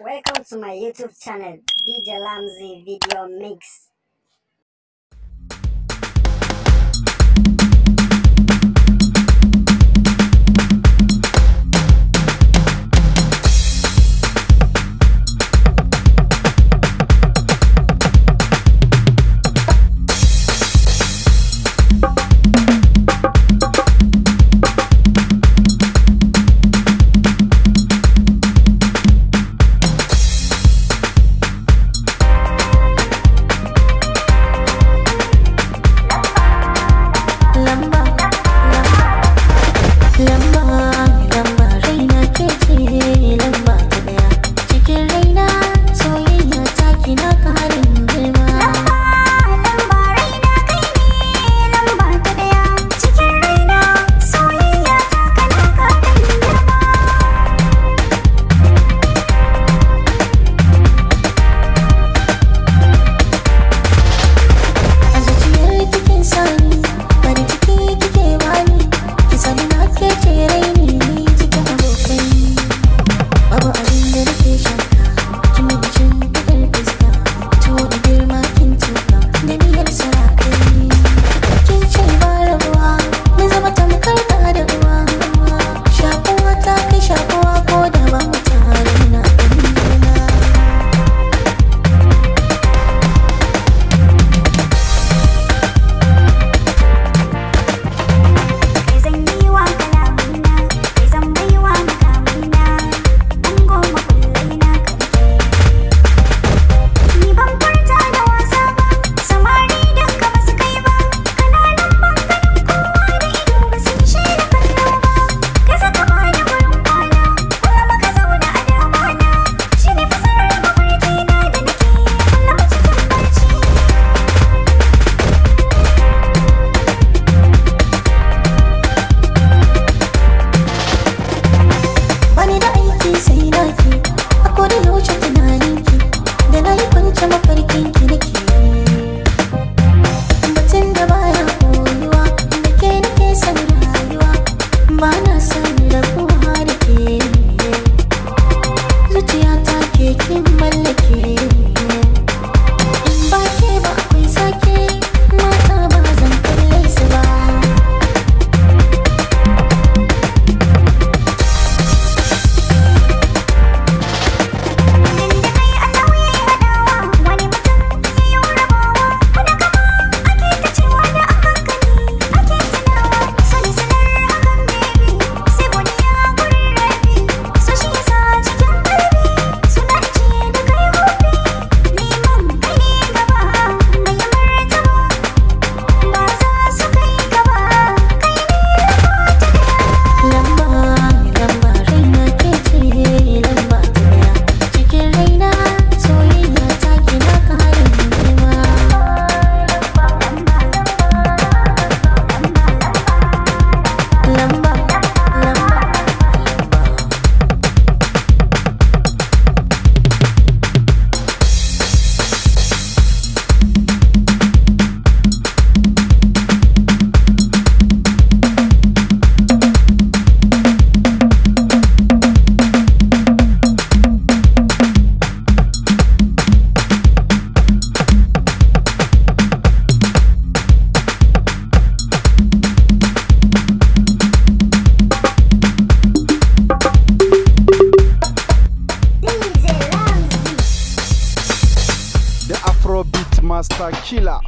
Welcome to my YouTube channel, DJ Lamzi Video Mix. Master Killer.